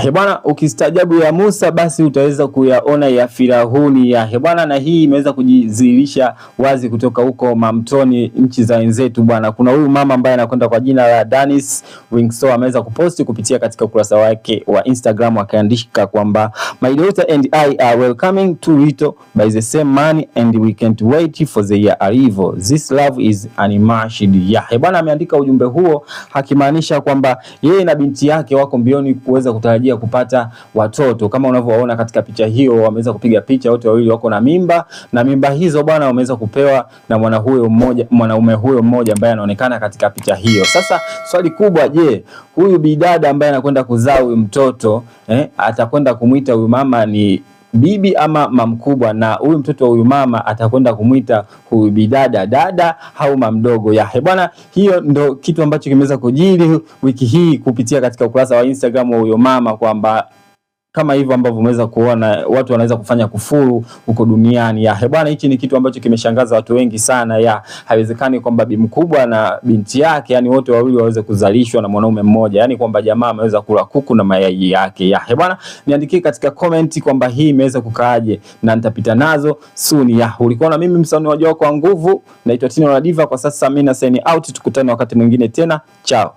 Hebwana, ukistaajabu ya Musa basi utaweza kuyaona ya Firauni ya hebwana, na hii imeweza kujidhihirisha wazi kutoka huko Mamtoni, nchi za wenzetu bwana. Kuna huyu mama ambaye anakwenda kwa jina la Danis Wingso ameweza kuposti kupitia katika ukurasa wake wa Instagram, akaandika kwamba My daughter and I are welcoming to Rito by the same man and we can't wait for year arrival. This love is animashid. Yah, bwana ameandika ujumbe huo akimaanisha kwamba yeye na binti yake wako mbioni kuweza kutarajia kupata watoto. Kama unavyowaona katika picha hiyo, wameweza kupiga picha, wote wawili wako na mimba, na mimba hizo bwana wameweza kupewa na mwana huyo mmoja, mwanaume huyo mmoja ambaye anaonekana katika picha hiyo. Sasa swali kubwa, je, huyu bidada ambaye anakwenda kuzaa huyu mtoto eh, atakwenda kumwita huyu mama ni bibi ama mamkubwa, na huyu mtoto wa huyu mama atakwenda kumwita huyu bidada dada au mamdogo yahe bwana. Hiyo ndo kitu ambacho kimeweza kujiri wiki hii kupitia katika ukurasa wa Instagram wa huyo mama kwamba kama hivyo ambavyo umeweza kuona watu wanaweza kufanya kufuru huko duniani. Ya bwana, hichi ni kitu ambacho kimeshangaza watu wengi sana. Ya haiwezekani kwamba bi mkubwa na binti yake, yani wote wawili waweze kuzalishwa na mwanaume mmoja, yani kwamba jamaa ameweza kula kuku na mayai yake. Ya bwana, niandikie katika comment kwamba hii imeweza kukaaje, na nitapita nazo soon. Ya ulikuwa na mimi msanii wako wa nguvu, naitwa Tino la Diva. Kwa sasa mimi na sign out, tukutane wakati mwingine tena, chao.